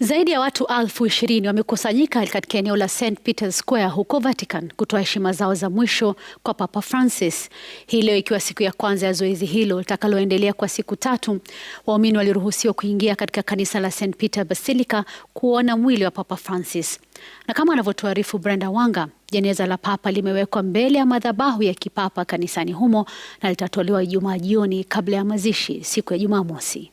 Zaidi ya watu elfu ishirini wamekusanyika katika eneo la St Peter's Square huko Vatican kutoa heshima zao za mwisho kwa Papa Francis, hii leo ikiwa siku ya kwanza ya zoezi hilo litakaloendelea kwa siku tatu. Waumini waliruhusiwa kuingia katika kanisa la St Peter Basilica kuona mwili wa Papa Francis, na kama anavyotuarifu Brenda Wanga, jeneza la Papa limewekwa mbele ya madhabahu ya kipapa kanisani humo na litatolewa Ijumaa jioni kabla ya mazishi siku ya Jumamosi.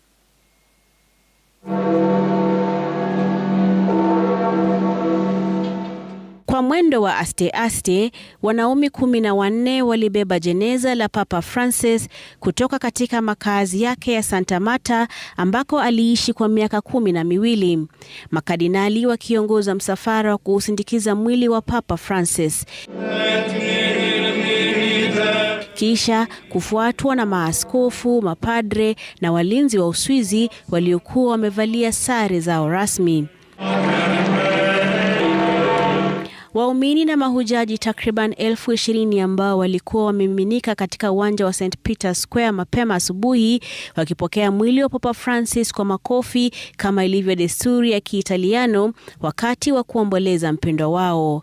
Kwa mwendo wa aste aste, wanaume kumi na wanne walibeba jeneza la Papa Francis kutoka katika makazi yake ya Santa Marta ambako aliishi kwa miaka kumi na miwili, makadinali wakiongoza msafara wa kuusindikiza mwili wa Papa Francis kisha kufuatwa na maaskofu, mapadre na walinzi wa Uswizi waliokuwa wamevalia sare zao rasmi. Waumini na mahujaji takriban elfu ishirini ambao walikuwa wamemiminika katika uwanja wa St peter Square mapema asubuhi wakipokea mwili wa Papa Francis kwa makofi kama ilivyo desturi ya Kiitaliano wakati wa kuomboleza mpendwa wao.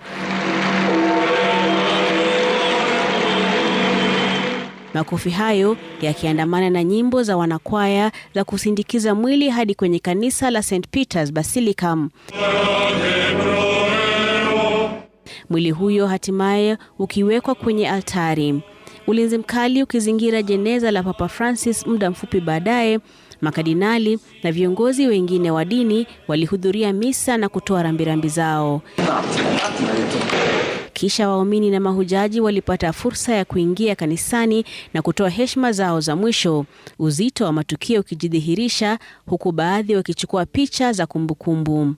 Makofi hayo yakiandamana na nyimbo za wanakwaya za kusindikiza mwili hadi kwenye kanisa la St Peter's Basilica. Mwili huyo hatimaye ukiwekwa kwenye altari, ulinzi mkali ukizingira jeneza la Papa Francis. Muda mfupi baadaye, makadinali na viongozi wengine wa dini walihudhuria misa na kutoa rambirambi zao. Kisha waumini na mahujaji walipata fursa ya kuingia kanisani na kutoa heshima zao za mwisho, uzito wa matukio ukijidhihirisha, huku baadhi wakichukua picha za kumbukumbu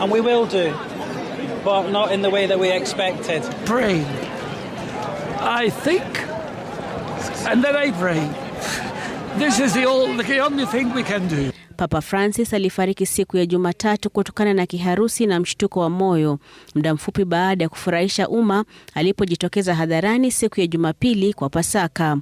and we will do, but not in the way that we expected. Brain. I think, and then I pray. This is the, all, the only thing we can do. Papa Francis alifariki siku ya Jumatatu kutokana na kiharusi na mshtuko wa moyo muda mfupi baada ya kufurahisha umma alipojitokeza hadharani siku ya Jumapili kwa Pasaka.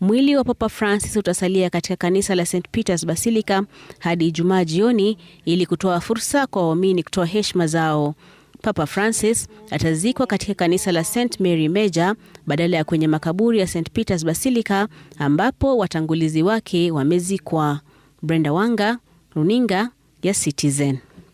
Mwili wa Papa Francis utasalia katika kanisa la St Peters Basilica hadi Ijumaa jioni ili kutoa fursa kwa waumini kutoa heshima zao. Papa Francis atazikwa katika kanisa la St Mary Major badala ya kwenye makaburi ya St Peters Basilica ambapo watangulizi wake wamezikwa. Brenda Wanga, Runinga ya Citizen.